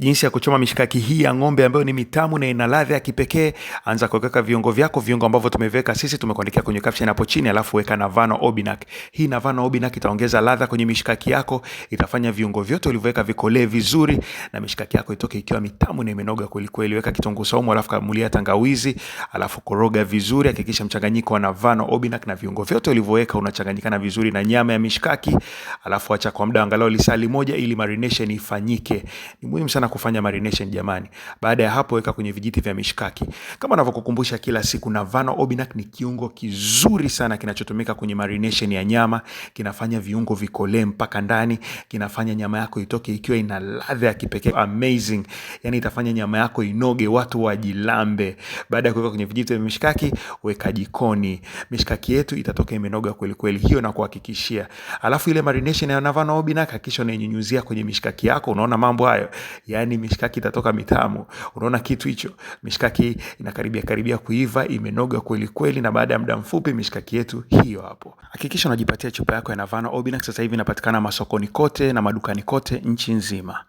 Jinsi ya kuchoma mishikaki hii ya ng'ombe ambayo ni mitamu na ina ladha ya kipekee. Anza kuweka viungo vyako, viungo ambavyo tumeviweka sisi, tumekuandikia kwenye caption hapo chini, alafu weka Navano Obinak. Hii Navano Obinak itaongeza ladha kwenye mishikaki yako, itafanya viungo vyote ulivyoweka vikolee vizuri na mishikaki yako itoke ikiwa mitamu na imenoga kweli kweli. Weka kitunguu saumu, alafu kamulia tangawizi, alafu koroga vizuri. Hakikisha mchanganyiko wa Navano Obinak na viungo vyote ulivyoweka unachanganyikana vizuri na nyama ya mishikaki, alafu acha kwa muda angalau lisali moja ili marination ifanyike. Ni muhimu sana sana kufanya marination jamani. Baada ya hapo, weka kwenye vijiti vya mishkaki. Kama navyokukumbusha kila siku, Navano Obinak ni kiungo kizuri sana kinachotumika kwenye marination ya nyama. Kinafanya viungo vikolee mpaka ndani, kinafanya nyama yako itoke ikiwa ina ladha ya kipekee amazing, yani itafanya nyama yako inoge, watu wajilambe. Baada ya kuweka kwenye vijiti vya mishkaki, weka jikoni. Mishkaki yetu itatoka imenoga kweli kweli, hiyo na kuhakikishia. Alafu ile marination ya Navano Obinak hakikisha unainyunyuzia kwenye mishkaki yako. Unaona mambo hayo ya yani mishkaki itatoka mitamu. Unaona kitu hicho, mishkaki inakaribia karibia kuiva, imenoga kweli kweli, na baada ya muda mfupi mishkaki yetu hiyo hapo. Hakikisha unajipatia chupa yako ya Navano Obinax. Sasa hivi inapatikana masokoni kote na madukani kote nchi nzima.